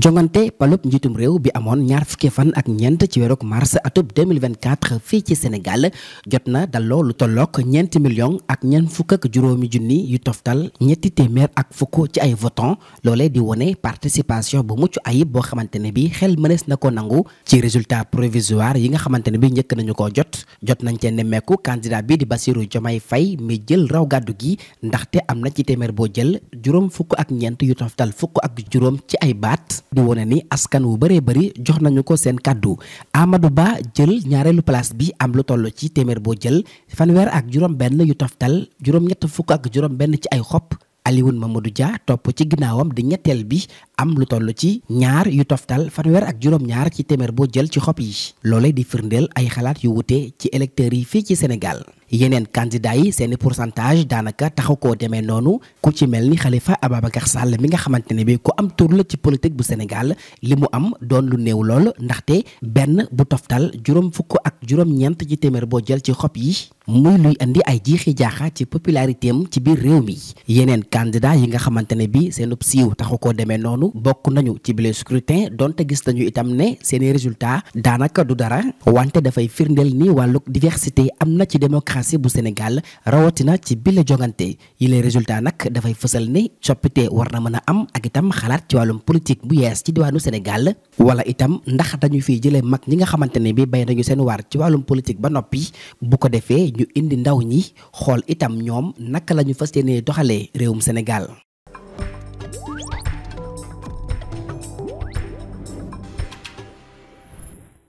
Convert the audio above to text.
jongante palub njiitum réew bi amoon ñaar fukki fan ak ñeent ci weeruk mars atub 2024 fii ci Sénégal jot na dalloo lu tollook ñeenti million ak ñeent fukk juróomi junni yu toftal ñetti téeméer ak fukk ci ay votant loolee di wone participation bu mucc ayib boo xamante ne bi xel mënees na ko nangu ci résultat provisoire yi nga xamante ne bi njëkk nañu ko jot jot nañ cee nemmeeku candidat bi di Bassirou Diomaye fay mi jël raw gàddu gi ndaxte am na ci téeméer boo jël juróom fukk ak ñeent yu toftal fukk ak juróom ci ay baat di wone ni askan wu bëree bëri jox nañu ko seen kàddu Amadou Ba jël ñaareelu place bi am lu toll ci téeméer boo jël fanweer ak juróom-benn yu toftal juróom-ñett fukk ak juróom-benn ci ay xob. Alioune Mamadou Dia topp ci ginnaawam di ñetteel bi am lu toll ci ñaar yu toftal fanweer ak juróom-ñaar ci téeméer boo jël ci xob yi loolee di firndeel ay xalaat yu wute ci électeurs yi fii ci Sénégal. yeneen candidat yi seeni pourcentage daanaka taxaw koo demee noonu ku ci mel ni Khalifa Ababacar Sall mi nga xamante ne bi ku am tur la ci politique bu Sénégal li mu am doon lu néew lool ndaxte benn bu toftal juróom fukk ak juróom-ñeent ci téeméer boo jël ci xob yi muy luy indi ay jiixi jaaxa ci popularité am ci biir réew mi yeneen candidat yi nga xamante ne bi seen siiw taxu koo demee noonu bokk nañu ci bile scrutin donte gis nañu itam ne seeni résultat daanaka du dara tracé bu Sénégal rawatina ci bile jongante yi les résultats nag dafay fësal ne coppite war na mën a am ak itam xalaat ci wàllum politique bu yees ci diwaanu Sénégal wala itam ndax dañu fiy jëlee mag ñi nga xamante ne bi bay nañu seen waar ci wàllum politique ba noppi bu ko defee ñu indi ndaw ñi xool itam ñoom naka la ñu fas yéenee doxalee réewum Sénégal